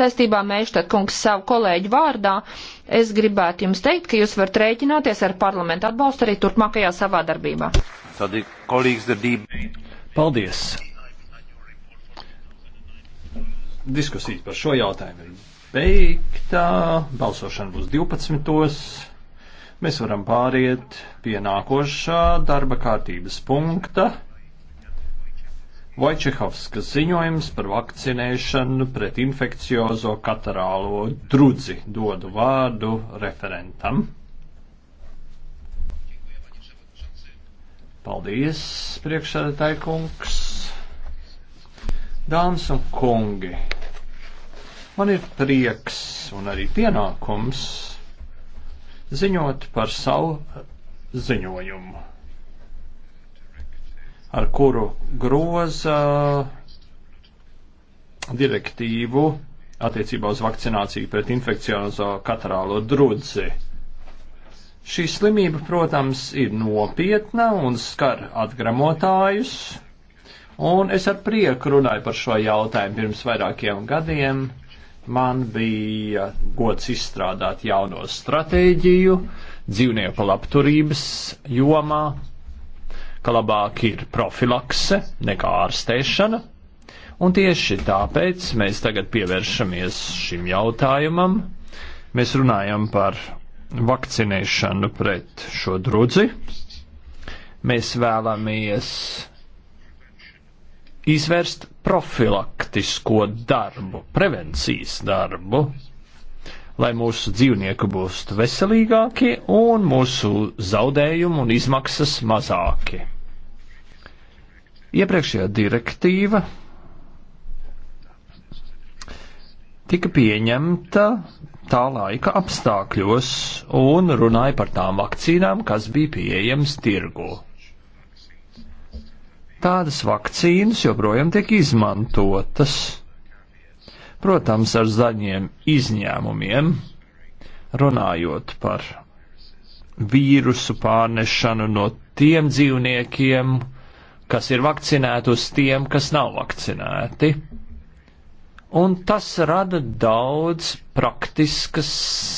Saistībā Mēštad kungs savu kolēģu vārdā es gribētu jums teikt, ka jūs varat rēķināties ar parlamentu atbalstu arī turpmākajā savā darbībā. Paldies! Diskusijas par šo jautājumu ir beigtā. Balsošana būs 12. Mēs varam pāriet pie nākošā darba kārtības punkta. Vojčehovskas ziņojums par vakcinēšanu pret infekciozo katarālo drudzi dodu vārdu referentam. Paldies, priekšsēdētāji kungs. Dāmas un kungi, man ir prieks un arī pienākums ziņot par savu ziņojumu ar kuru groza direktīvu attiecībā uz vakcināciju pret infekciozo katarālo drudzi. Šī slimība, protams, ir nopietna un skar atgramotājus, un es ar prieku runāju par šo jautājumu pirms vairākiem gadiem. Man bija gods izstrādāt jauno stratēģiju dzīvnieku labturības jomā, ka labāk ir profilakse nekā ārstēšana. Un tieši tāpēc mēs tagad pievēršamies šim jautājumam. Mēs runājam par vakcinēšanu pret šo drudzi. Mēs vēlamies izvērst profilaktisko darbu, prevencijas darbu, lai mūsu dzīvnieki būtu veselīgāki un mūsu zaudējumu un izmaksas mazāki. Iepriekšējā direktīva tika pieņemta tā laika apstākļos un runāja par tām vakcīnām, kas bija pieejamas tirgu. Tādas vakcīnas joprojām tiek izmantotas, protams, ar zaļiem izņēmumiem, runājot par vīrusu pārnešanu no tiem dzīvniekiem, kas ir vakcinēti, uz tiem, kas nav vakcinēti. Un tas rada daudz praktiskas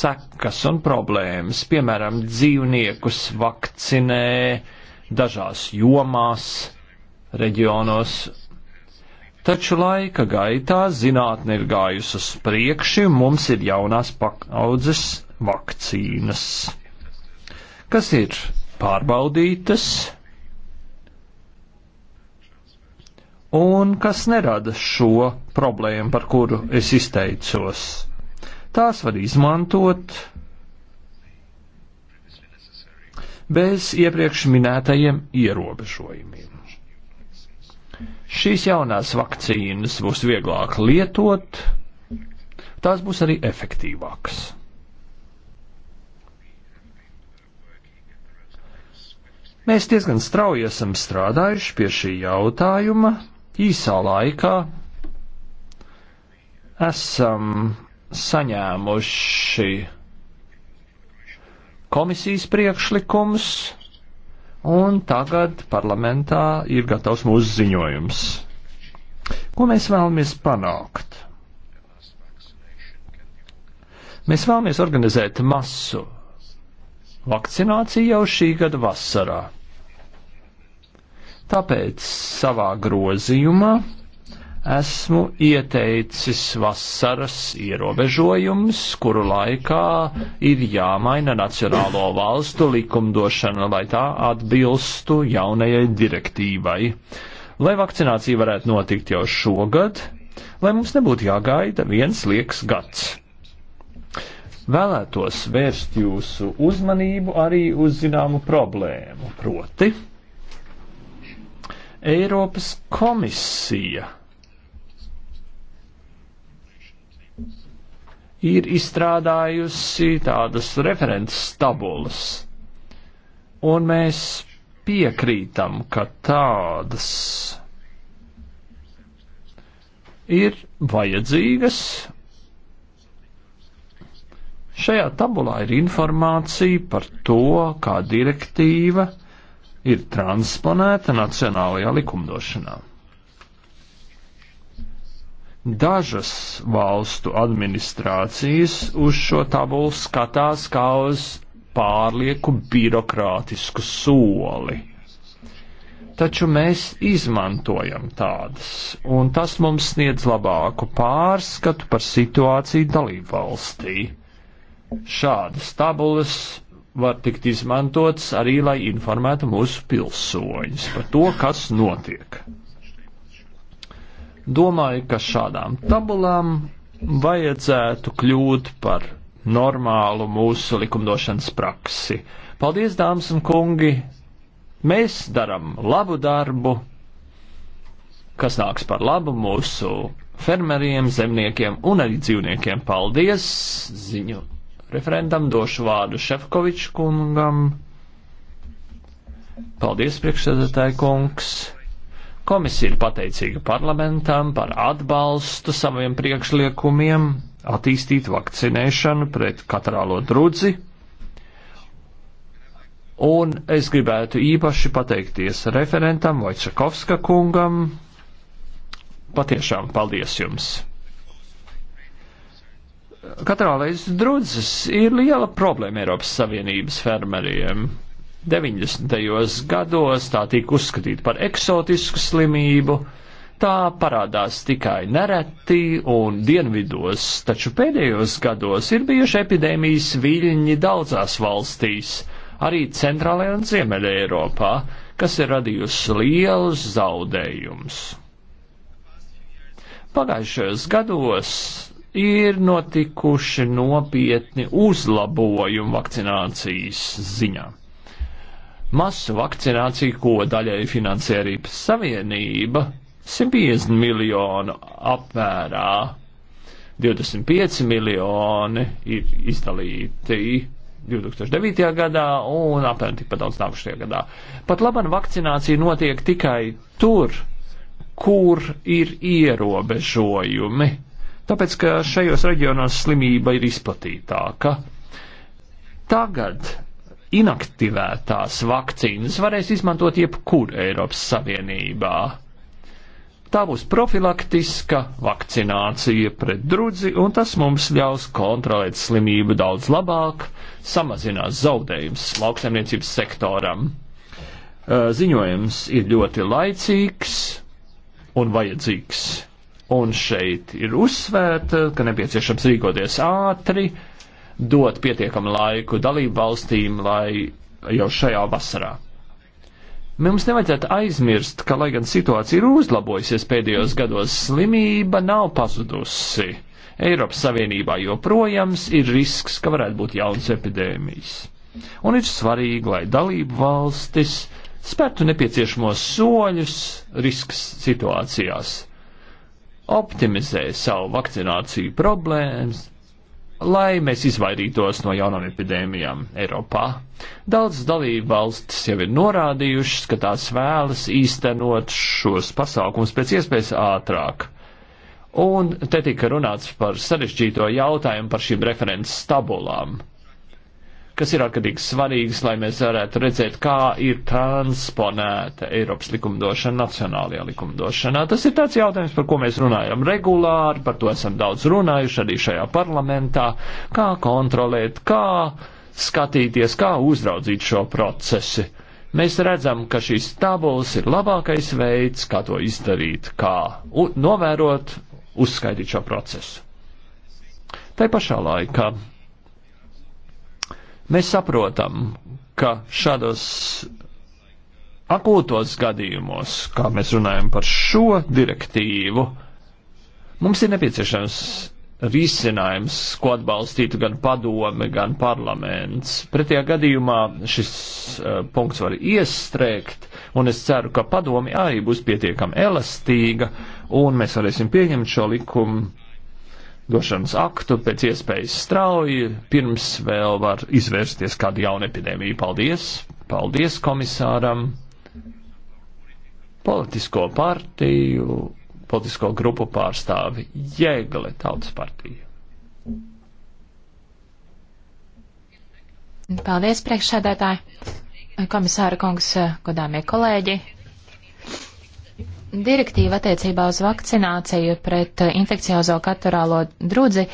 sekas un problēmas. Piemēram, dzīvniekus vakcinē dažās jomās, reģionos Taču laika gaitā zinātne ir gājusi uz priekšu, un mums ir jaunās pakaudzes vakcīnas, kas ir pārbaudītas, un kas nerada šo problēmu, par kuru es izteicos. Tās var izmantot bez iepriekš minētajiem ierobežojumiem. Šīs jaunās vakcīnas būs vieglāk lietot, tās būs arī efektīvākas. Mēs diezgan strauji esam strādājuši pie šī jautājuma, īsā laikā esam saņēmuši komisijas priekšlikums, un tagad parlamentā ir gatavs mūsu ziņojums. Ko mēs vēlamies panākt? Mēs vēlamies organizēt masu vakcināciju jau šī gada vasarā. Tāpēc savā grozījumā esmu ieteicis vasaras ierobežojums, kuru laikā ir jāmaina nacionālo valstu likumdošana, lai tā atbilstu jaunajai direktīvai. Lai vakcinācija varētu notikt jau šogad, lai mums nebūtu jāgaida viens liekas gads. Vēlētos vērst jūsu uzmanību arī uz zināmu problēmu, proti Eiropas komisija ir izstrādājusi tādas references tabulas, un mēs piekrītam, ka tādas ir vajadzīgas. Šajā tabulā ir informācija par to, kā direktīva ir transponēta nacionālajā likumdošanā. Dažas valstu administrācijas uz šo tabulu skatās kā uz pārlieku birokrātisku soli taču mēs izmantojam tādas, un tas mums sniedz labāku pārskatu par situāciju dalībvalstī. Šādas tabulas var tikt izmantots arī, lai informētu mūsu pilsoņus par to, kas notiek. Domāju, ka šādām tabulām vajadzētu kļūt par normālu mūsu likumdošanas praksi. Paldies, dāmas un kungi! Mēs darām labu darbu, kas nāks par labu mūsu fermeriem, zemniekiem un arī dzīvniekiem. Paldies! Ziņu referendam, došu vārdu Šefkoviču kungam. Paldies, priekšsēdētāji kungs. Komisija ir pateicīga parlamentam par atbalstu saviem priekšliekumiem attīstīt vakcinēšanu pret katrālo drudzi. Un es gribētu īpaši pateikties referentam Vojčakovska kungam. Patiešām paldies jums! katrā reizes drudzes ir liela problēma Eiropas Savienības fermeriem. 90. gados tā tika uzskatīta par eksotisku slimību, tā parādās tikai nereti un dienvidos, taču pēdējos gados ir bijuši epidēmijas viļņi daudzās valstīs, arī centrālajā un ziemeļa Eiropā, kas ir radījusi lielus zaudējumus. Pagājušajos gados ir notikuši nopietni uzlabojumi vakcinācijas ziņā. Masu vakcināciju, ko daļai finansē arī Savienība, 150 miljonu apmērā, 25 miljoni ir izdalīti 2009. gadā un apmēram tikpat daudz nākušajā gadā. Pat labam vakcinācija notiek tikai tur, kur ir ierobežojumi Tāpēc, ka šajos reģionos slimība ir izplatītāka. Tagad inaktivētās vakcīnas varēs izmantot jebkur Eiropas Savienībā. Tā būs profilaktiska vakcinācija pret drudzi, un tas mums ļaus kontrolēt slimību daudz labāk, samazinās zaudējums lauksaimniecības sektoram. Ziņojums ir ļoti laicīgs un vajadzīgs. Un šeit ir uzsvērta, ka nepieciešams rīkoties ātri, dot pietiekamu laiku dalību valstīm, lai jau šajā vasarā. Mums nevajadzētu aizmirst, ka, lai gan situācija ir uzlabojusies pēdējos gados, slimība nav pazudusi. Eiropas Savienībā joprojām ir risks, ka varētu būt jauns epidēmijas. Un ir svarīgi, lai dalību valstis spētu nepieciešamos soļus risks situācijās optimizē savu vakcināciju problēmas, lai mēs izvairītos no jaunām epidēmijām Eiropā. Daudzas dalība valstis jau ir norādījušas, ka tās vēlas īstenot šos pasākumus pēc iespējas ātrāk. Un te tika runāts par sarežģīto jautājumu par šīm referents tabulām kas ir ārkārtīgi svarīgas, lai mēs varētu redzēt, kā ir transponēta Eiropas likumdošana nacionālajā likumdošanā. Tas ir tāds jautājums, par ko mēs runājam regulāri, par to esam daudz runājuši arī šajā parlamentā, kā kontrolēt, kā skatīties, kā uzraudzīt šo procesu. Mēs redzam, ka šīs tabulas ir labākais veids, kā to izdarīt, kā novērot, uzskaitīt šo procesu. Tai pašā laikā Mēs saprotam, ka šādos akūtos gadījumos, kā mēs runājam par šo direktīvu, mums ir nepieciešams risinājums, ko atbalstītu gan padome, gan parlaments. Pretējā gadījumā šis uh, punkts var iestrēgt, un es ceru, ka padome arī būs pietiekami elastīga, un mēs varēsim pieņemt šo likumu likumdošanas aktu pēc iespējas strauji, pirms vēl var izvērsties kāda jauna epidēmija. Paldies! Paldies komisāram! Politisko partiju, politisko grupu pārstāvi Jēgle Tautas partija. Paldies, priekšsēdētāji! Komisāra kungs, godāmie kolēģi! Direktīva attiecībā uz vakcināciju pret eh, infekciozo katorālo drudzi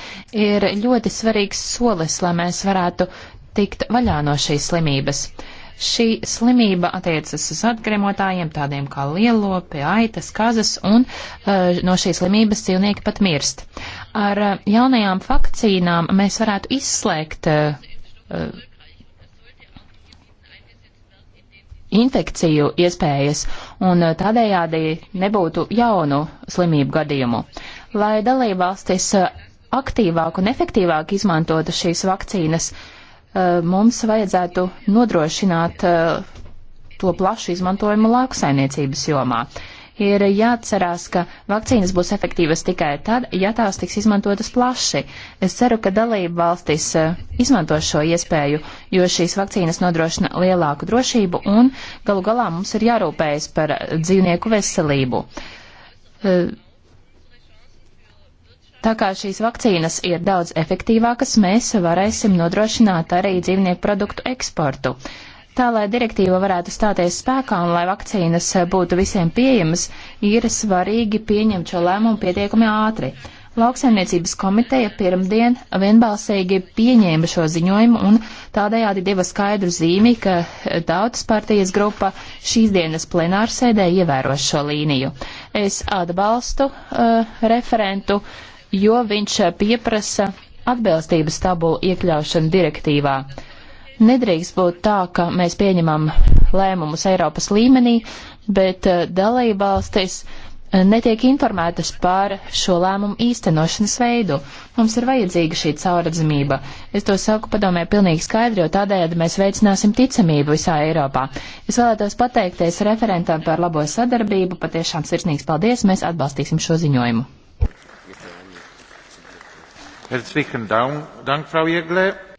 ir ļoti svarīgs solis, lai mēs varētu tikt vaļā no šīs slimības. Šī slimība attiecas uz atgremotājiem, tādiem kā lielopi, aitas, kazas, un uh, no šīs slimības cilvēki pat mirst. Ar uh, jaunajām vakcīnām mēs varētu izslēgt uh, infekciju iespējas un eh, tādējādi nebūtu jaunu slimību gadījumu. Lai dalībvalstis eh, aktīvāk un efektīvāk izmantotu šīs vakcīnas, eh, mums vajadzētu nodrošināt to plašu izmantojumu lauksainiecības jomā ir jāatcerās, ka vakcīnas būs efektīvas tikai tad, ja tās tiks izmantotas plaši. Es ceru, ka dalība valstis eh, izmantos šo iespēju, jo šīs vakcīnas nodrošina lielāku drošību un galu galā mums ir jārūpējas par eh, dzīvnieku veselību. Eh, tā kā šīs vakcīnas ir daudz efektīvākas, mēs varēsim nodrošināt arī dzīvnieku produktu eksportu. Uh, Tā, lai direktīva varētu stāties spēkā un lai vakcīnas būtu visiem pieejamas, ir svarīgi pieņemt šo lēmumu pietiekami ātri. Lauksaimniecības komiteja pirmdien vienbalsīgi pieņēma šo ziņojumu un tādējādi deva skaidru zīmi, ka Tautas partijas grupa šīs dienas plenārsēdē ievēros šo līniju. Es atbalstu uh, referentu, jo viņš pieprasa atbilstības tabulu iekļaušanu direktīvā. Uh, Nedrīkst būt tā, ka mēs pieņemam lēmumus Eiropas līmenī, bet eh, dalībvalstis eh, netiek informētas par šo lēmumu īstenošanas veidu. Mums ir vajadzīga šī caurredzamība. Es to saku padomē pilnīgi skaidri, jo tādējādi mēs veicināsim ticamību visā Eiropā. Es vēlētos pateikties referentam par labo sadarbību, patiešām sirsnīgs paldies, mēs atbalstīsim šo ziņojumu.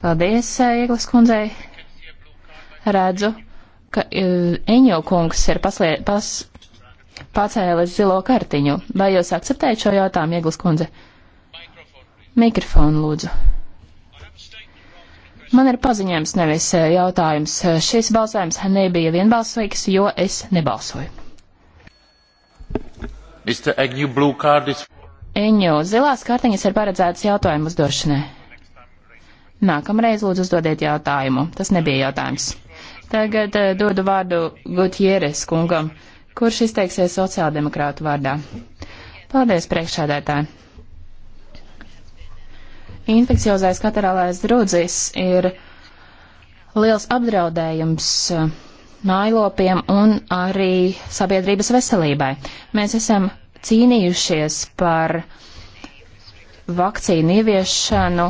Paldies, Ieglas eh, kundzei. Redzu, ka eh, Eņo kungs ir paslie, pas, pacēlis zilo kartiņu. Vai jūs akceptējat šo jautājumu, Ieglas kundze? Mikrofonu lūdzu. Man ir paziņojums, nevis eh, jautājums. Šis balsojums nebija vienbalsīgs, jo es nebalsoju. Mr. Agnew, blue card is... Eņu, zilās kartiņas ir paredzētas jautājumu uzdošanai. Nākamreiz lūdzu uzdodiet jautājumu. Tas nebija jautājums. Tagad uh, dodu vārdu Gutieres kungam, kurš izteiksies sociāldemokrātu vārdā. Paldies, priekšsēdētāji! Infekciozais katerālais drudzis ir liels apdraudējums eh, mājlopiem un arī sabiedrības veselībai. Mēs esam cīnījušies par vakcīnu ieviešanu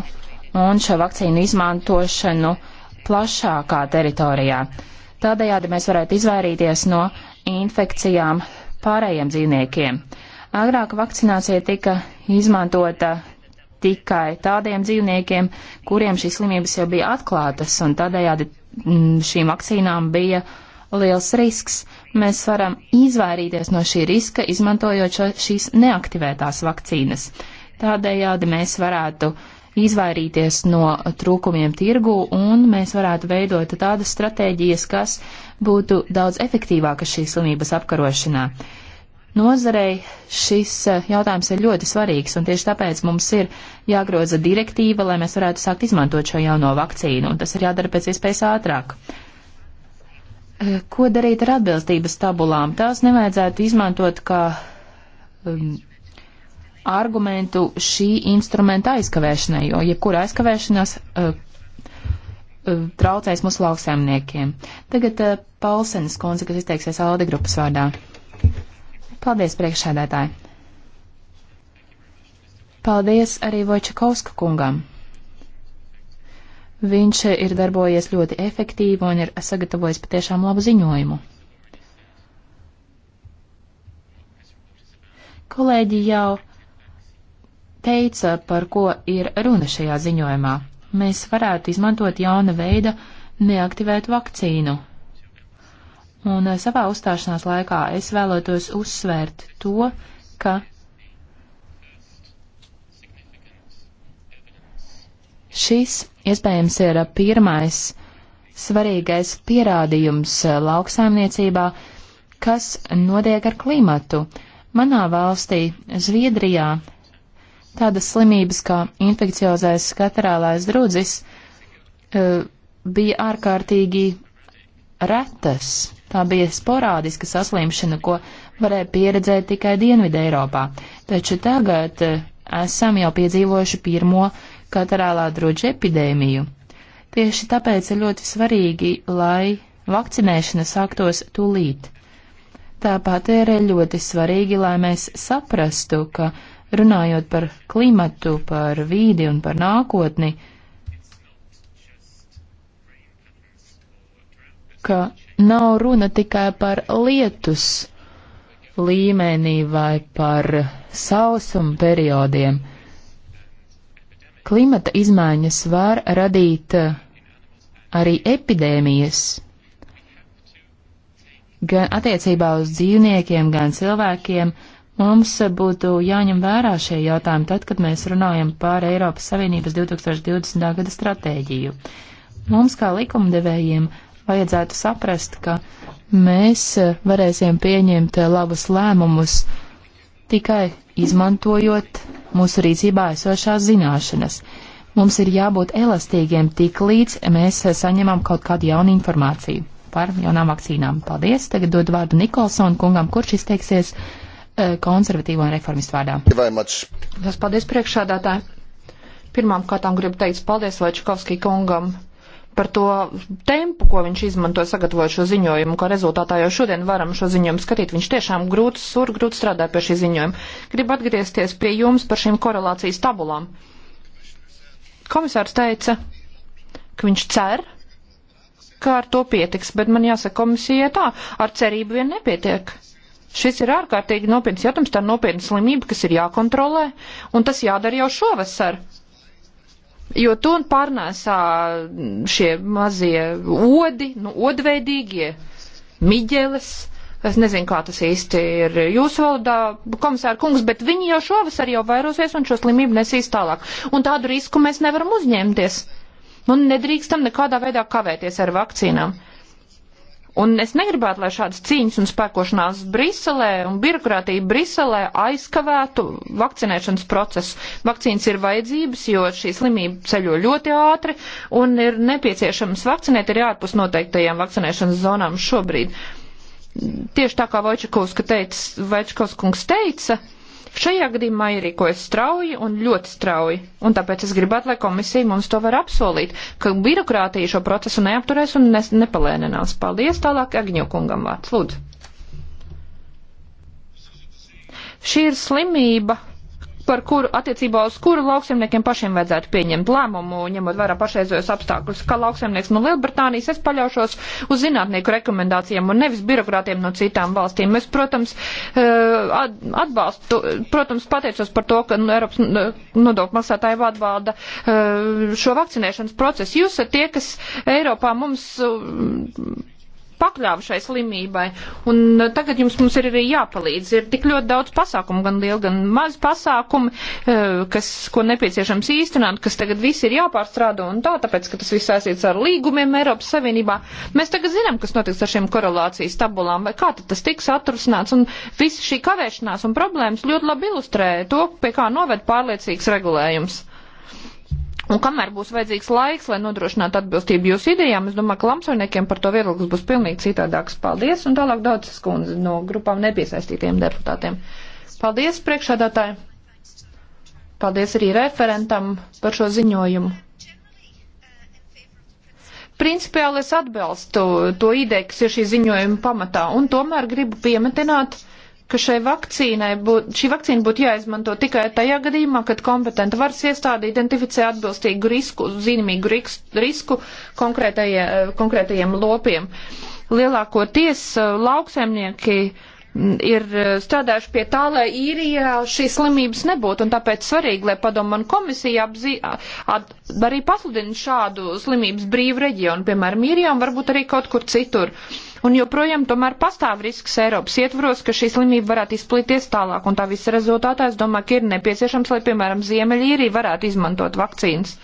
un šo vakcīnu izmantošanu plašākā teritorijā. Tādējādi mēs varētu izvairīties no infekcijām pārējiem dzīvniekiem. Agrāk vakcinācija tika izmantota tikai tādiem dzīvniekiem, kuriem šīs slimības jau bija atklātas, un tādējādi mm, šīm vakcīnām bija uh, liels risks. Mēs varam izvairīties no šī riska, izmantojot šo, šīs neaktivētās vakcīnas. Tādējādi mēs varētu izvairīties no trūkumiem tirgu un mēs varētu veidot tādas stratēģijas, kas būtu daudz efektīvākas šīs slimības apkarošanā. Nozarei šis eh, jautājums ir ļoti svarīgs, un tieši tāpēc mums ir jāgroza direktīva, lai mēs varētu sākt izmantot šo jauno vakcīnu, un tas ir jādara pēc iespējas ātrāk. Ko darīt ar atbilstības tabulām? Tās nevajadzētu izmantot kā um, argumentu šī instrumenta aizkavēšanai, jo jebkura aizkavēšanās uh, uh, traucēs mūsu lauksaimniekiem. Tagad uh, Paulsenes konce, kas izteiksies Alde grupas vārdā. Paldies, priekšsēdētāji! Paldies arī Vojčakovska kungam! Viņš ir darbojies ļoti efektīvi un ir sagatavojis patiešām labu ziņojumu. Kolēģi jau teica, par ko ir runa šajā ziņojumā. Mēs varētu izmantot jauna veida neaktivētu vakcīnu. Un eh, savā uzstāšanās laikā es vēlētos uzsvērt to, ka Šis, iespējams, ir pirmais svarīgais pierādījums eh, lauksaimniecībā, kas notiek ar klimatu. Manā valstī, Zviedrijā, tādas slimības kā infekciozais skatarālais drudzis eh, bija ārkārtīgi retas. Tā bija sporādiska saslimšana, ko varēja pieredzēt tikai Dienvidē Eiropā. Taču tagad eh, esam jau piedzīvojuši pirmo uh, katarālā drudža epidēmiju. Tieši tāpēc ir ļoti svarīgi, lai vakcinēšana sāktos tūlīt. Tāpat ir ļoti svarīgi, lai mēs saprastu, ka runājot par klimatu, par vīdi un par nākotni, ka nav runa tikai par lietus līmenī vai par sausuma periodiem. Klimata izmaiņas var radīt eh, arī epidēmijas. Gan attiecībā uz dzīvniekiem, gan cilvēkiem mums būtu jāņem vērā šie jautājumi tad, kad mēs runājam par Eiropas Savienības 2020. gada stratēģiju. Mums kā likumdevējiem vajadzētu saprast, ka mēs eh, varēsim pieņemt eh, labus lēmumus tikai izmantojot mūsu rīcībā esošās zināšanas. Mums ir jābūt elastīgiem tik līdz mēs saņemam kaut kādu jaunu informāciju par jaunām vakcīnām. Paldies! Tagad dod vārdu Nikolsonu kungam, kurš izteiksies eh, konservatīvo un reformistu vārdā. Tas paldies priekšādātāji. Pirmām kārtām gribu teikt paldies Lečakovskij kungam par to tempu, ko viņš izmantoja sagatavojot šo ziņojumu, kā rezultātā jau šodien varam šo ziņojumu skatīt. Viņš tiešām grūti sur, grūti strādā pie šī ziņojuma. Gribu atgriezties pie jums par šīm korelācijas tabulām. Komisārs teica, ka viņš cer, ka ar to pietiks, bet man jāsaka komisijai tā, ar cerību vien nepietiek. Šis ir ārkārtīgi nopietns jautājums, tā ir nopietna slimība, kas ir jākontrolē, un tas jādara jau šovasar jo to pārnēsā šie mazie odi, nu, odveidīgie miģeles. Es nezinu, kā tas īsti ir jūsu valodā, komisāra kungs, bet viņi jau šovasar jau vairosies un šo slimību nesīs tālāk. Un tādu risku mēs nevaram uzņemties. Un nu, nedrīkstam nekādā veidā kavēties ar vakcīnām. Mm. Un es negribētu, lai šādas cīņas un spēkošanās Briselē un birokrātija Briselē aizkavētu vakcinēšanas procesu. Vakcīnas ir vajadzības, jo šī slimība ceļo ļoti ātri un ir nepieciešams vakcinēt arī ārpus noteiktajām vakcinēšanas zonām šobrīd. Tieši tā kā Vojčakovska teica, Vojčakovskungs teica, uh, Šajā gadījumā ir rīkojas strauji un ļoti strauji, un tāpēc es gribētu, lai komisija mums to var apsolīt, ka birokrātija šo procesu neapturēs un ne, nepalēninās. Paldies, tālāk Agņokungam vārds, lūdzu. Šī ir slimība, par kuru, attiecībā uz kuru lauksemniekiem pašiem vajadzētu pieņemt lēmumu, ņemot vērā pašreizējos apstākļus. Kā lauksemnieks no Lielbritānijas, es paļaušos uz zinātnieku rekomendācijām un nevis birokrātiem no citām valstīm. Es, protams, eh, atbalstu, protams, pateicos par to, ka nu, Eiropas nodokļu maksātāji atbalda eh, šo vakcinēšanas procesu. Jūs esat tie, kas Eiropā mums pakļāva šai slimībai. Un uh, tagad jums mums ir arī jāpalīdz. Ir tik ļoti daudz pasākumu, gan liela, gan maz pasākumu, uh, kas, ko nepieciešams īstenot, kas tagad viss ir jāpārstrādo un tā, tāpēc, ka tas viss aiziet ar līgumiem Eiropas Savienībā. Mēs tagad zinām, kas notiks ar šiem korelācijas tabulām, vai kā tad tas tiks atrasināts. Un visa šī kavēšanās un problēmas ļoti labi ilustrē to, pie kā noved pārliecīgs regulējums. Un kamēr būs vajadzīgs laiks, lai nodrošinātu atbilstību jūsu idejām, es domāju, ka lamsauniekiem par to viedoklis būs pilnīgi citādāks. Paldies, un tālāk daudz skundze no grupām nepiesaistītiem deputātiem. Paldies, priekšādātāji. Paldies arī referentam par šo ziņojumu. Principiāli es atbalstu to ideju, kas ir šī ziņojuma pamatā, un tomēr gribu piemetināt, uh, ka šai vakcīnai būtu, šī vakcīna būtu jāizmanto tikai tajā gadījumā, kad kompetenta varas iestāde identificē atbilstīgu risku, zīmīgu risku konkrētajie, eh, konkrētajiem lopiem. Lielākoties eh, lauksaimnieki mm, ir eh, strādājuši pie tā, lai īrijā šīs slimības nebūtu, un tāpēc svarīgi, lai padomu man komisija apzī, at, arī pasludina šādu slimības brīvu reģionu, piemēram, īrijā un varbūt arī kaut kur citur. Uh, Un joprojām tomēr pastāv risks Eiropas ietvaros, ka šī slimība varētu izplīties tālāk. Un tā visa rezultātā es domāju, ka ir nepieciešams, lai piemēram Ziemeļīrija varētu izmantot vakcīnas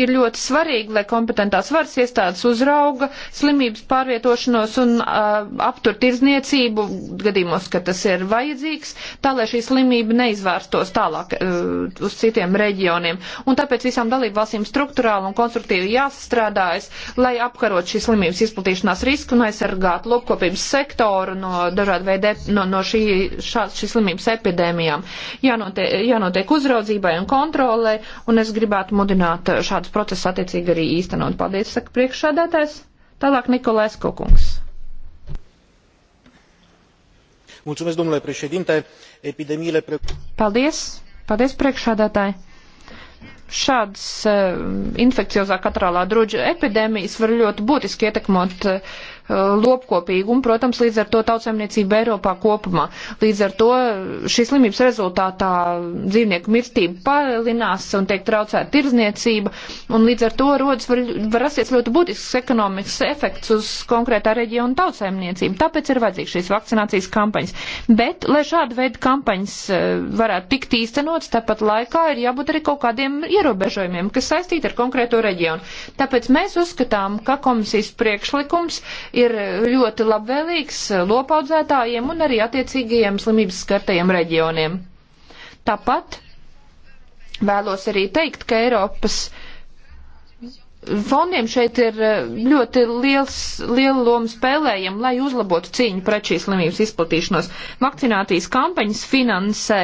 ir ļoti svarīgi, lai kompetentās varas iestādes uzrauga slimības pārvietošanos un uh, aptur tirzniecību gadījumos, ka tas ir vajadzīgs, tā lai šī slimība neizvērstos tālāk uh, uz citiem reģioniem. Un tāpēc visām dalību valstīm struktūrāli un konstruktīvi jāsastrādājas, lai apkarot šīs slimības izplatīšanās risku un aizsargātu lopkopības sektoru no dažādu veidu no, no šī, šā, šī slimības epidēmijām. Jānotiek, jānotiek uzraudzībai un kontrolē, un es gribētu mudināt šādu šādus procesus attiecīgi arī īstenot. Paldies, saka priekšsādātājs. Tālāk Nikolais Kokungs. Mulțumesc, domnule președinte. Epidemiile pre... Paldies. Paldies, priekšsādātāji. Šādas uh, eh, infekciozā katrālā drudža epidēmijas var ļoti būtiski ietekmot uh, Uh, lopkopīgu un, protams, līdz ar to tautsaimniecību Eiropā kopumā. Līdz ar to šīs slimības rezultātā dzīvnieku mirstība palielinās un tiek traucēta tirzniecība, un līdz ar to rodas var, var rasties ļoti būtisks ekonomikas efekts uz konkrētā reģiona tautsaimniecību. Tāpēc ir vajadzīgs šīs vakcinācijas kampaņas. Bet, lai šāda veida kampaņas uh, varētu tikt īstenots, tāpat laikā ir jābūt arī kaut kādiem ierobežojumiem, kas saistīti ar konkrēto reģionu. Tāpēc mēs uzskatām, ka komisijas priekšlikums ir ļoti labvēlīgs lopaudzētājiem un arī attiecīgajiem slimības skartajiem reģioniem. Tāpat vēlos arī teikt, ka Eiropas Fondiem šeit ir eh, ļoti liels, liela loma spēlējama, lai uzlabotu cīņu pret šīs slimības izplatīšanos. Vakcinācijas kampaņas finansē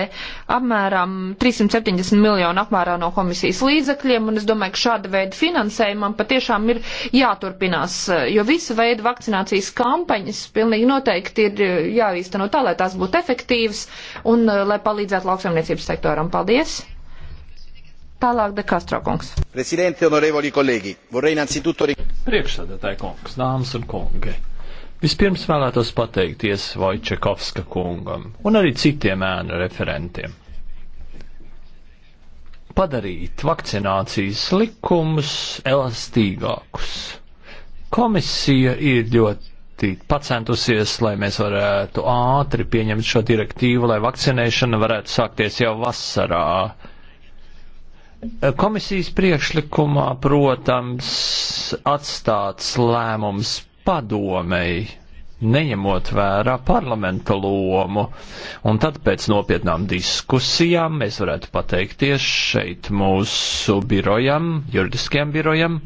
apmēram 370 miljonu apmērā no komisijas līdzekļiem, un es domāju, ka šāda veida finansējumam patiešām ir jāturpinās, eh, jo visa veida vakcinācijas kampaņas pilnīgi noteikti ir eh, jāīsteno tā, lai tās būtu efektīvas un lai palīdzētu lauksaimniecības sektoram. Paldies! Tālāk de Castro kungs. Presidente, onorevoli kolēģi, vorrei innanzitutto... Priekšsēdētāji kungs, dāmas un kungi. Vispirms vēlētos pateikties Vojčekovska kungam un arī citiem ēnu referentiem. Padarīt vakcinācijas likumus elastīgākus. Komisija ir ļoti ļoti pacentusies, lai mēs varētu ātri pieņemt šo direktīvu, lai vakcinēšana varētu sākties jau vasarā. Komisijas priekšlikumā, protams, atstāts lēmums padomei, neņemot vērā parlamenta lomu. Un tad pēc nopietnām diskusijām mēs varētu pateikties šeit mūsu birojam, juridiskajam birojam,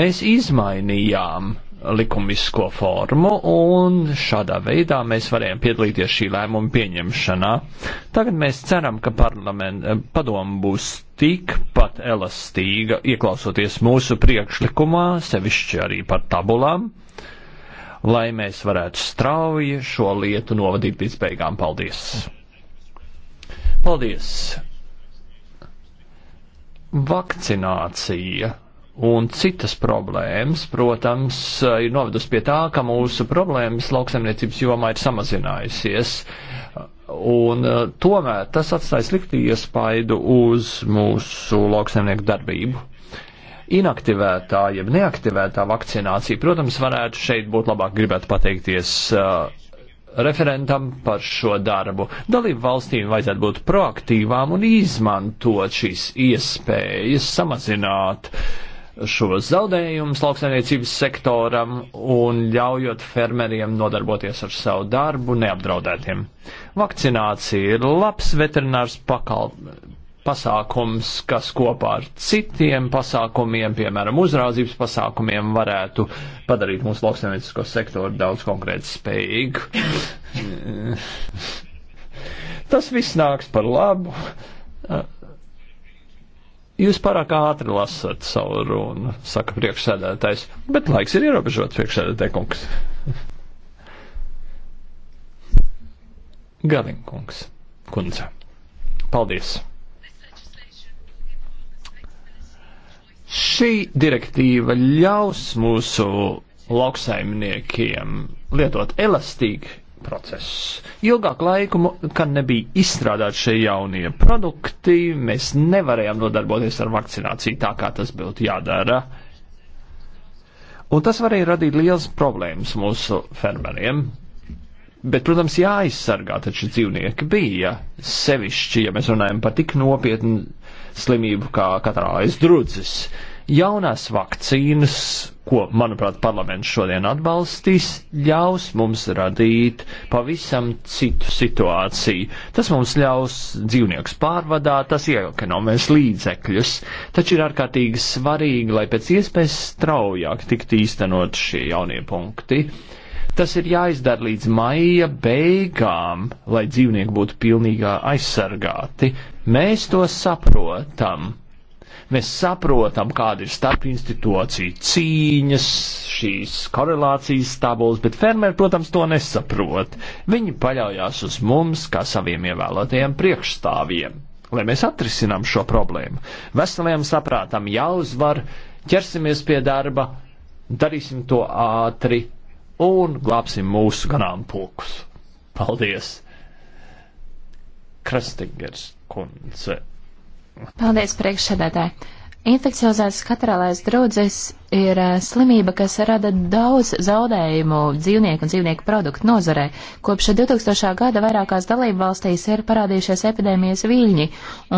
mēs izmainījām likumisko formu, un šādā veidā mēs varējām piedalīties šī lēmuma pieņemšanā. Tagad mēs ceram, ka eh, padomu būs tikpat elastīga, ieklausoties mūsu priekšlikumā, sevišķi arī par tabulām, lai mēs varētu strauji šo lietu novadīt līdz beigām. Paldies! Paldies! Vakcinācija un citas problēmas, protams, eh, ir novedusi pie tā, ka mūsu problēmas lauksaimniecības jomā ir samazinājusies. Un eh, tomēr tas atstāja sliktu iespaidu uz mūsu lauksaimnieku darbību. Inaktivētā, jeb neaktivētā vakcinācija, protams, varētu šeit būt labāk gribētu pateikties uh, referentam par šo darbu. Dalību valstīm vajadzētu būt proaktīvām un izmantot šīs iespējas samazināt uh, šos zaudējumus lauksaimniecības sektoram un ļaujot fermeriem nodarboties ar savu darbu neapdraudētiem. Vakcinācija ir labs veterinārs pakal pasākums, kas kopā ar citiem pasākumiem, piemēram, uzraudzības pasākumiem, varētu padarīt mūsu lauksaimniecisko sektoru daudz konkrēti spējīgu. Tas viss nāks par labu Jūs pārāk ātri lasat savu runu, saka priekšsēdētājs, bet laiks ir ierobežots priekšsēdētāj kungs. Galinkungs, kundze. Paldies! Šī direktīva ļaus mūsu lauksaimniekiem lietot elastīgi process. Ilgāku laiku, kad nebija izstrādāti šie jaunie produkti, mēs nevarējām nodarboties ar vakcināciju tā, kā tas būtu jādara. Un tas varēja radīt liels problēmas mūsu fermeriem. Bet, protams, jāaizsargā taču dzīvnieki bija sevišķi, ja mēs runājam par tik nopietnu slimību kā katrālais drudzis. Uh, Jaunās vakcīnas, ko, manuprāt, parlaments šodien atbalstīs, ļaus mums radīt pavisam citu situāciju. Tas mums ļaus dzīvniekus pārvadāt, tas iekonomēs līdzekļus, taču ir ārkārtīgi svarīgi, lai pēc iespējas straujāk tiktu īstenot šie jaunie punkti. Tas ir jāizdara līdz maija beigām, lai dzīvnieki būtu pilnīgā aizsargāti. Mēs to saprotam. Mēs saprotam, kāda ir starpinstitūcija cīņas, šīs korelācijas tabulas, bet fermeri, protams, to nesaprot. Viņi paļaujās uz mums, kā saviem ievēlētajiem priekšstāvjiem, lai mēs atrisinām šo problēmu. Veseliem saprātam jāuzvar, ķersimies pie darba, darīsim to ātri un glābsim mūsu ganāmpulkus. Paldies! Krestingers kundze. Paldies, priekšsēdētāji! Infekciozās katrālais drudzes ir eh, slimība, kas rada daudz zaudējumu dzīvnieku un dzīvnieku produktu nozarē. Kopš 2000. gada vairākās dalību valstīs ir parādījušies epidēmijas viļņi,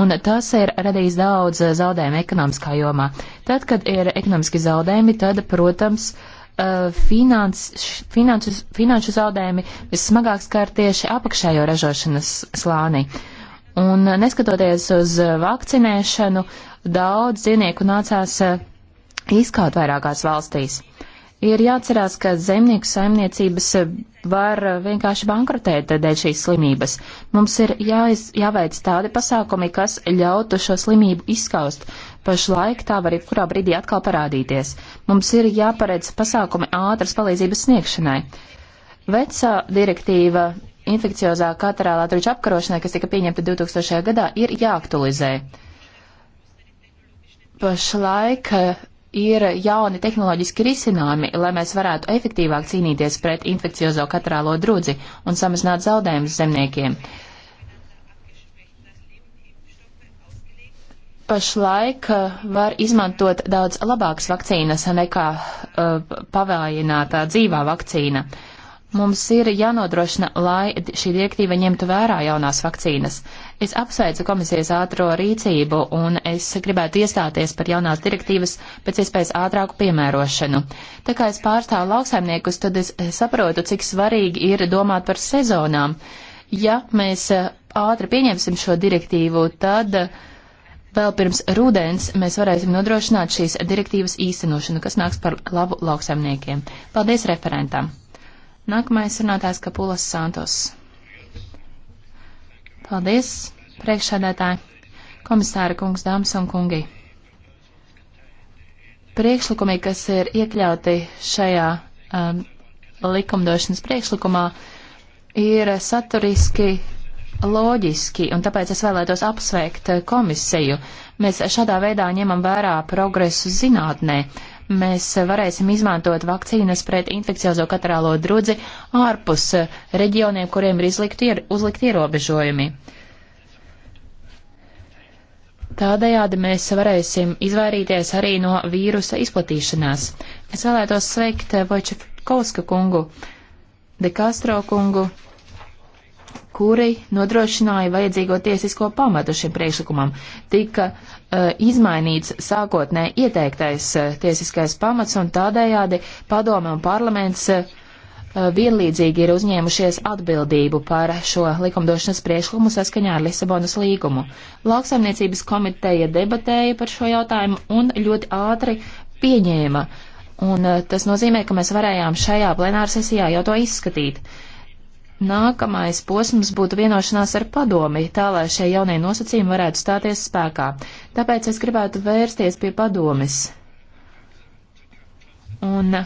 un tas ir radījis daudz zaudējumu ekonomiskā jomā. Tad, kad ir ekonomiski zaudējumi, tad, protams, finans, eh, finansu, finanšu zaudējumi vismagāk skar tieši apakšējo ražošanas slānī. Un neskatoties uz vakcinēšanu, daudz dzīvnieku nācās eh, izkaut vairākās valstīs. Ir jāatcerās, ka zemnieku saimniecības eh, var eh, vienkārši bankrotēt dēļ šīs slimības. Mums ir jāiz, jāveic tādi pasākumi, kas ļautu šo slimību izskaust. Pašlaik tā var jebkurā brīdī atkal parādīties. Mums ir jāparedz pasākumi ātras palīdzības sniegšanai. Vecā direktīva infekciozā katarālā trūča apkarošanai, kas tika pieņemta 2000. gadā, ir jāaktualizē. Pašlaik eh, ir jauni tehnoloģiski risinājumi, lai mēs varētu efektīvāk cīnīties pret infekciozo katarālo drudzi un samazināt zaudējumus zemniekiem. pašlaik eh, var izmantot daudz labākas vakcīnas nekā uh, pavēlinātā dzīvā vakcīna. Mums ir jānodrošina, lai šī direktīva ņemtu vērā jaunās vakcīnas. Es apsveicu komisijas ātro rīcību un es gribētu iestāties par jaunās direktīvas pēc iespējas ātrāku piemērošanu. Tā kā es pārstāvu lauksaimniekus, tad es saprotu, cik svarīgi ir domāt par sezonām. Ja mēs ātri pieņemsim šo direktīvu, tad vēl pirms rudens mēs varēsim nodrošināt šīs direktīvas īstenošanu, kas nāks par labu lauksaimniekiem. Paldies referentam! Nākamais runātājs Kapulas Santos. Paldies, priekšsēdētāji, komisāra kungs, dāmas un kungi. Priekšlikumi, kas ir iekļauti šajā um, likumdošanas priekšlikumā, ir saturiski loģiski, un tāpēc es vēlētos apsveikt komisiju. Mēs šādā veidā ņemam vērā progresu zinātnē mēs varēsim izmantot vakcīnas pret infekciozo katarālo drudzi ārpus reģioniem, kuriem ir izlikti, uzlikti ierobežojumi. Tādējādi mēs varēsim izvairīties arī no vīrusa izplatīšanās. Es vēlētos sveikt Vojčakovska kungu, De Castro kungu, kuri nodrošināja vajadzīgo tiesisko pamatu šim priekšlikumam. Tika uh, Eh, izmainīts sākotnē ieteiktais eh, tiesiskais pamats un tādējādi padome un parlaments eh, vienlīdzīgi ir uzņēmušies atbildību par šo likumdošanas priekšlikumu saskaņā ar Lisabonas līgumu. Lauksaimniecības komiteja debatēja par šo jautājumu un ļoti ātri pieņēma. Un tas nozīmē, ka mēs varējām šajā plenārsesijā jau to izskatīt. Uh, nākamais posms būtu vienošanās ar padomi, tā lai šie jaunie nosacījumi varētu stāties spēkā. Tāpēc es gribētu vērsties pie padomis. Un,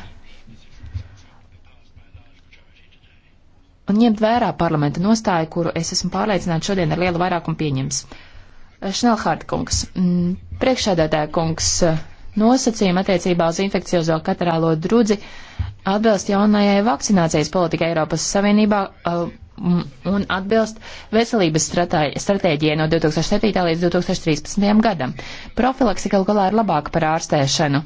un ņemt vērā parlamenta nostāju, kuru es esmu pārliecināta šodien ar lielu vairākumu pieņems. Šnelhārta kungs, mm, priekšsēdētāja kungs, nosacījumi attiecībā uz infekciozo katerālo drudzi atbilst jaunajai vakcinācijas politikai Eiropas Savienībā uh, un atbilst veselības stratēģijai no 2007. līdz 2013. gadam. Profilakse galu galā ir labāka par ārstēšanu.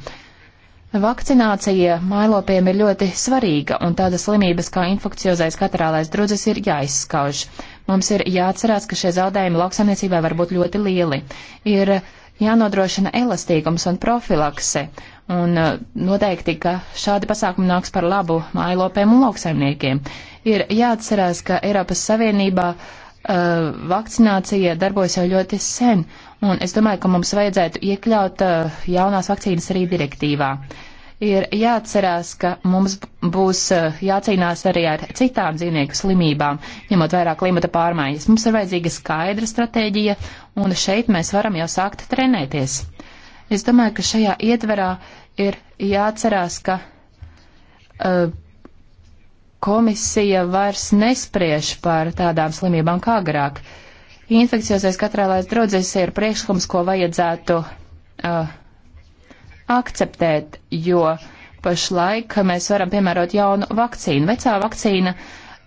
Vakcinācija mājlopiem ir ļoti svarīga, un tādas slimības kā infekciozais katarālais drudzes ir jāizskauž. Mums ir jāatcerās, ka šie zaudējumi lauksaimniecībai var būt ļoti lieli. Ir jānodrošina elastīgums un profilakse. Un uh, noteikti, ka šādi pasākumi nāks par labu mājlopiem un lauksaimniekiem. Ir jāatcerās, ka Eiropas Savienībā uh, vakcinācija darbojas jau ļoti sen, un es domāju, ka mums vajadzētu iekļaut uh, jaunās vakcīnas arī direktīvā. Ir jāatcerās, ka mums būs uh, jācīnās arī ar citām dzīvnieku slimībām, ņemot vairāk klimata pārmaiņas. Mums ir vajadzīga skaidra stratēģija, un šeit mēs varam jau sākt trenēties. Es domāju, ka šajā ietverā ir jāatcerās, ka uh, komisija vairs nespriež par tādām slimībām kā agrāk. Infekciozais katrēlais draudzes ir priekšlikums, ko vajadzētu uh, akceptēt, jo pašlaik mēs varam piemērot jaunu vakcīnu. Vecā vakcīna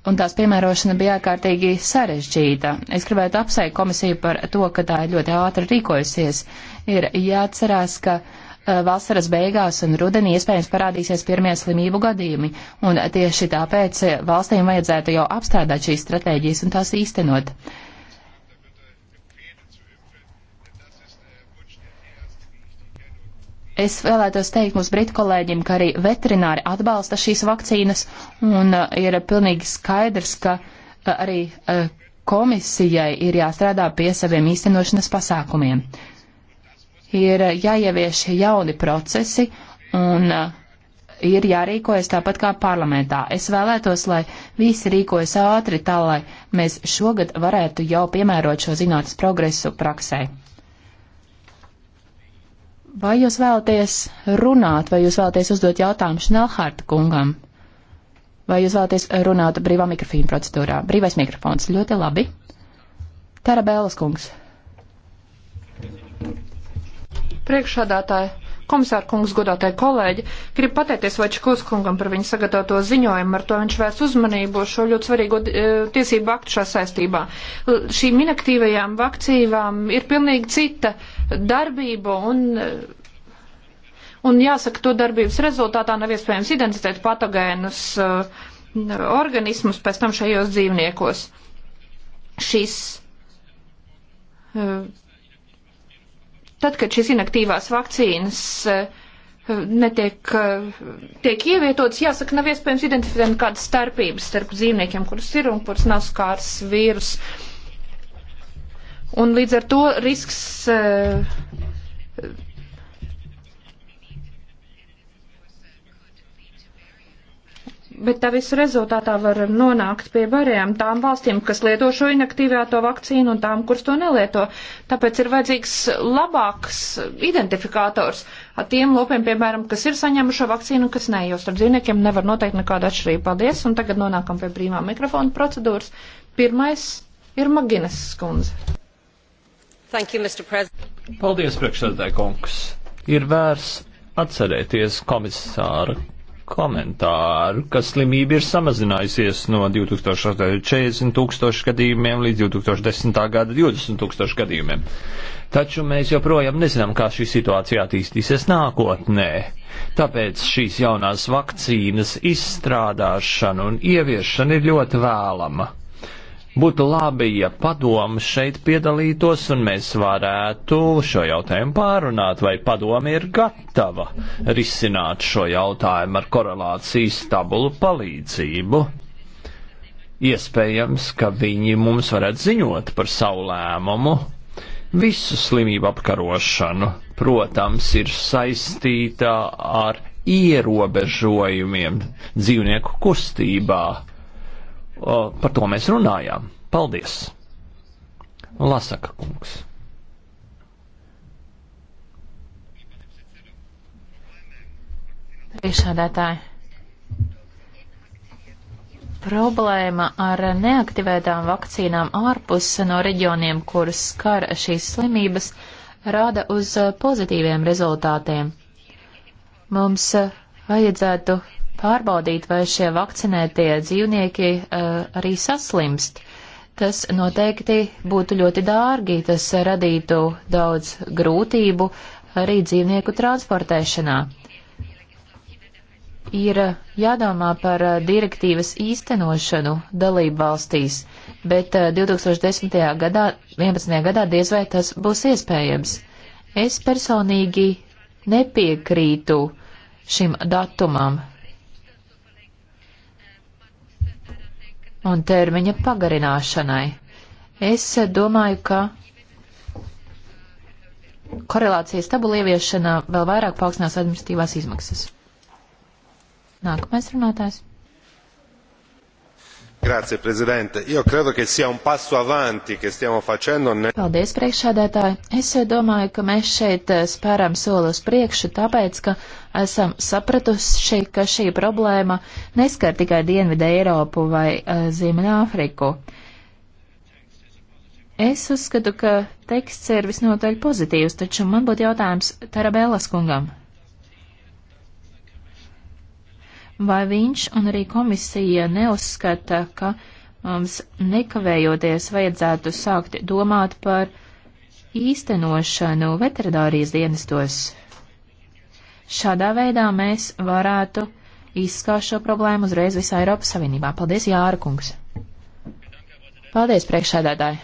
un tās piemērošana bija ārkārtīgi sarežģīta. Es gribētu apsveikt komisiju par to, ka tā ir ļoti ātri rīkojusies ir jāatcerās, ka e, vasaras beigās un rudenī iespējams parādīsies pirmie slimību gadījumi, un tieši tāpēc valstīm vajadzētu jau apstrādāt šīs stratēģijas un tās īstenot. Es vēlētos teikt mūsu britu kolēģim, ka arī veterināri atbalsta šīs vakcīnas, un e, ir pilnīgi skaidrs, ka e, arī komisijai ir jāstrādā pie saviem īstenošanas pasākumiem ir jāievieš jauni procesi un uh, ir jārīkojas tāpat kā parlamentā. Es vēlētos, lai visi rīkojas ātri tā, lai mēs šogad varētu jau piemērot šo zinātnes progresu praksē. Vai jūs vēlaties runāt, vai jūs vēlaties uzdot jautājumu Šnelhārta kungam? Vai jūs vēlaties runāt brīvā mikrofīna procedūrā? Brīvais mikrofons ļoti labi. Tara Bēlas kungs priekšādātāji, komisāra kungs, godātāji kolēģi, gribu pateikties Vačkos kungam par viņa sagatavoto ziņojumu, ar to viņš vērs uzmanību šo ļoti svarīgo e, tiesību aktu šā saistībā. Šīm inaktīvajām vakcīvām ir pilnīgi cita darbība un e, un jāsaka, to darbības rezultātā nav iespējams identificēt patogēnus uh, organismus pēc tam šajos dzīvniekos. Šis uh, tad, kad šīs inaktīvās vakcīnas eh, netiek eh, tiek ievietotas, jāsaka, nav iespējams identificēt kādas starpības starp dzīvniekiem, kurus ir un kurus nav skārs vīrus. Un līdz ar to risks eh, bet tā visu rezultātā var nonākt pie bariem tām valstīm, kas lieto šo inaktīvēto vakcīnu un tām, kuras to nelieto. Tāpēc ir vajadzīgs labāks identifikators ar tiem lopiem, piemēram, kas ir saņēmuši šo vakcīnu un kas nē, jo starp dzīvniekiem nevar noteikt nekāda atšķirība. Paldies, un tagad nonākam pie brīvā mikrofona procedūras. Pirmais ir Maginas skundze. Thank you, Mr. President. Paldies, priekšsēdētāj kungs. Ir vērs atcerēties komisāra komentāru, ka slimība ir samazinājusies no 2040 tūkstošu gadījumiem līdz 2010. gada 20 tūkstošu gadījumiem. Taču mēs joprojām nezinām, kā šī situācija attīstīsies nākotnē. Tāpēc šīs jaunās vakcīnas izstrādāšana un ieviešana ir ļoti vēlama. Būtu labi, ja padomas šeit piedalītos un mēs varētu šo jautājumu pārunāt, vai padoma ir gatava risināt šo jautājumu ar korelācijas tabulu palīdzību. Iespējams, ka viņi mums varētu ziņot par savu lēmumu. Visu slimību apkarošanu, protams, ir saistīta ar ierobežojumiem dzīvnieku kustībā O, par to mēs runājām. Paldies! Lasaka kungs. Priekšādātāji. Problēma ar neaktivētām vakcīnām ārpus no reģioniem, kurus skar šīs slimības, rāda uz pozitīviem rezultātiem. Mums vajadzētu pārbaudīt, vai šie vakcinētie dzīvnieki uh, arī saslimst. Tas noteikti būtu ļoti dārgi, tas radītu daudz grūtību arī dzīvnieku transportēšanā. Ir jādomā par eh, direktīvas īstenošanu dalību valstīs, bet 2010. Eh, gadā, 11. gadā diez vai tas būs iespējams. Es personīgi nepiekrītu šim datumam, un termiņa pagarināšanai. Es domāju, ka korelācijas tabula ieviešana vēl vairāk paaugstinās administratīvās izmaksas. Nākamais runātājs. Grazie, prezidente. Io credo che sia un passo avanti che stiamo facendo. Ne... Paldies, priekšsēdētāji. Es eh, domāju, ka mēs šeit eh, spēram soli uz priekšu, tāpēc, ka esam sapratuši, ka šī problēma neskar tikai Dienvidē Eiropu vai uh, Ziemeļāfriku. Es uzskatu, ka teksts ir visnotaļ pozitīvs, taču man būtu jautājums Tarabēlas kungam. Vai viņš un arī komisija neuzskata, ka mums nekavējoties vajadzētu sākt domāt par īstenošanu veterinārijas dienestos? Šādā veidā mēs varētu izskāst šo problēmu uzreiz visā Eiropas Savienībā. Paldies, Jāra kungs! Paldies, priekšsēdētāji!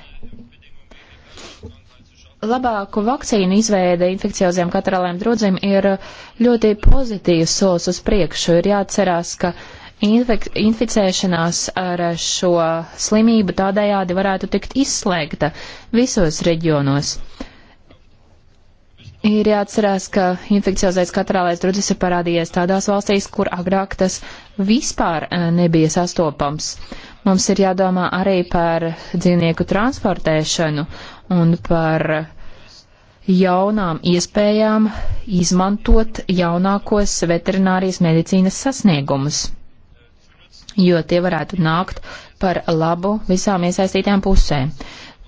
labāku vakcīnu izveide infekcioziem katrālēm drudzim ir ļoti pozitīvs solis uz priekšu. Ir jāatcerās, ka infek inficēšanās ar šo slimību tādējādi varētu tikt izslēgta visos reģionos. Ir jāatcerās, ka infekciozais katrālais drudzis ir parādījies tādās valstīs, kur agrāk tas vispār e, nebija sastopams. Mums ir jādomā arī par dzīvnieku transportēšanu un par jaunām iespējām izmantot jaunākos veterinārijas medicīnas sasniegumus, jo tie varētu nākt par labu visām iesaistītām pusēm.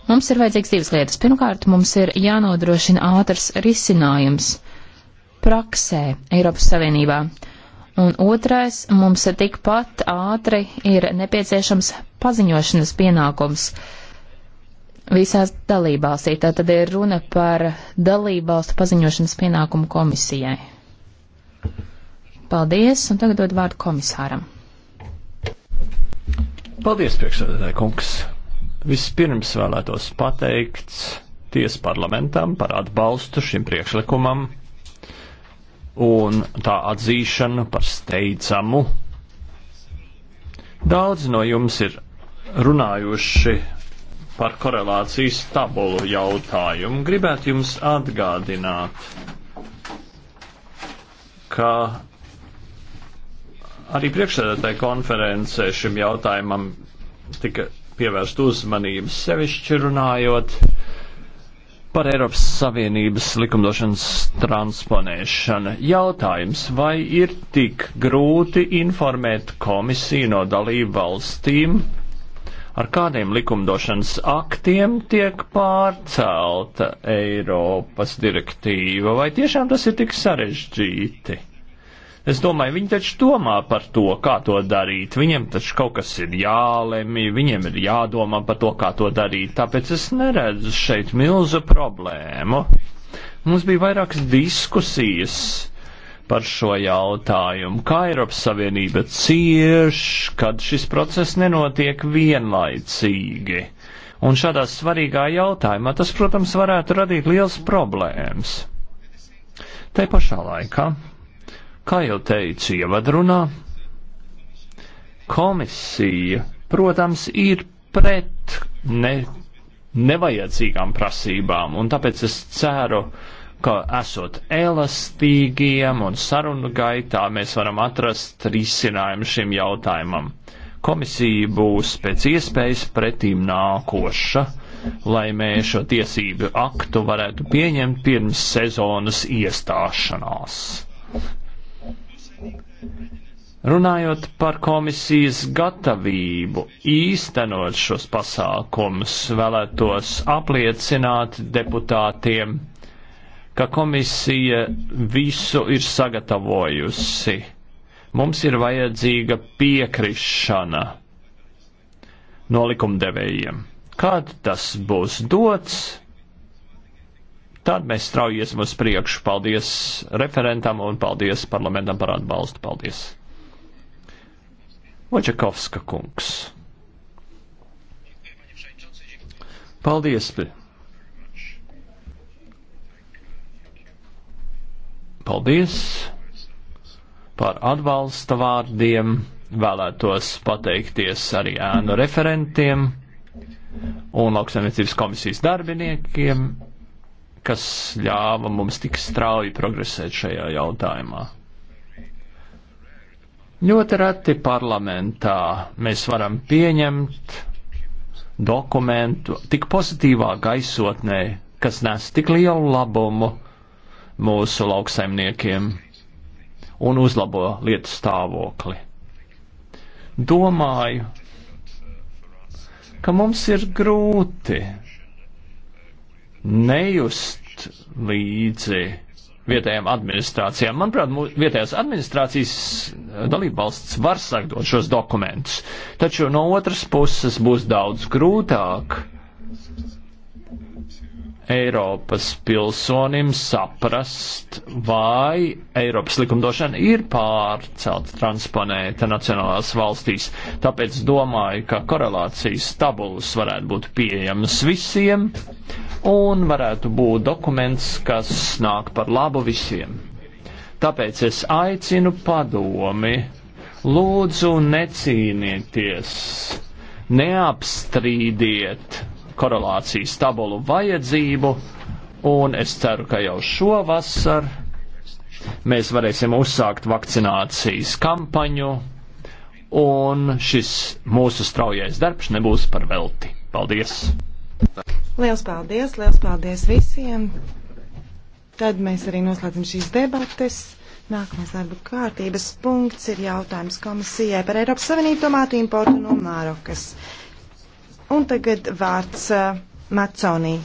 Mums ir vajadzīgs divas lietas. Pirmkārt, mums ir jānodrošina ātrs risinājums praksē Eiropas Savienībā. Un otrais, mums tikpat ātri ir nepieciešams paziņošanas pienākums visās dalībvalstī. Tā tad ir runa par dalībvalstu paziņošanas pienākumu komisijai. Paldies, un tagad dod vārdu komisāram. Paldies, priekšsēdētāji kungs. Vispirms vēlētos pateikt tiesu parlamentam par atbalstu šim priekšlikumam un tā atzīšanu par steidzamu. Daudz no jums ir runājuši par korelācijas tabulu jautājumu. Gribētu jums atgādināt, ka arī priekšsēdētāja konferencē šim jautājumam tika pievērst uzmanību, sevišķi runājot par Eiropas Savienības likumdošanas transponēšanu. Jautājums, vai ir tik grūti informēt komisiju no dalību valstīm ar kādiem likumdošanas aktiem tiek pārcelta Eiropas direktīva, vai tiešām tas ir tik sarežģīti? Es domāju, viņi taču domā par to, kā to darīt. Viņiem taču kaut kas ir jālemj, viņiem ir jādomā par to, kā to darīt. Tāpēc es neredzu šeit milzu problēmu. Mums bija vairākas diskusijas par šo jautājumu. Kā Eiropas Savienība cieš, kad šis process nenotiek vienlaicīgi? Un šādā svarīgā jautājumā tas, protams, varētu radīt liels problēmas. Te pašā laikā, kā jau teicu ievadrunā, komisija, protams, ir pret ne, nevajadzīgām prasībām, un tāpēc es ceru, uh, ka esot elastīgiem un sarunu gaitā mēs varam atrast risinājumu šim jautājumam. Komisija būs pēc iespējas pretīm nākoša, lai mēs šo tiesību aktu varētu pieņemt pirms sezonas iestāšanās. Runājot par komisijas gatavību īstenot šos pasākumus, vēlētos apliecināt deputātiem, ka komisija visu ir sagatavojusi. Mums ir vajadzīga piekrišana no likumdevējiem. Kad tas būs dots, tad mēs strauji iesim uz priekšu. Paldies referentam un paldies parlamentam par atbalstu. Paldies! Očakovska kungs. Paldies! Paldies par atbalsta vārdiem. Vēlētos pateikties arī ēnu referentiem un lauksaimniecības komisijas darbiniekiem, kas ļāva mums tik strauji progresēt šajā jautājumā. Ļoti reti parlamentā mēs varam pieņemt dokumentu tik pozitīvā gaisotnē, kas nes tik lielu labumu mūsu lauksaimniekiem un uzlabo lietas stāvokli. Domāju, ka mums ir grūti nejust līdzi vietējām administrācijām. Manuprāt, vietējās administrācijas dalībvalsts var sagatavot šos dokumentus, taču no otras puses būs daudz grūtāk Eiropas pilsonim saprast, vai Eiropas likumdošana ir pārcelt transponēta nacionālās valstīs. Tāpēc domāju, ka korelācijas tabulas varētu būt pieejamas visiem un varētu būt dokuments, kas nāk par labu visiem. Tāpēc es aicinu padomi, lūdzu necīnieties, neapstrīdiet korelācijas tabulu vajadzību, un es ceru, ka jau šovasar mēs varēsim uzsākt vakcinācijas kampaņu, un šis mūsu straujais darbs nebūs par velti. Paldies! Liels paldies, liels paldies visiem! Tad mēs arī noslēdzam šīs debates. Nākamais darba kārtības punkts ir jautājums komisijai par Eiropas Savienību tomātu importu no Mārokas. Un tagad vārds uh, eh, Maconī.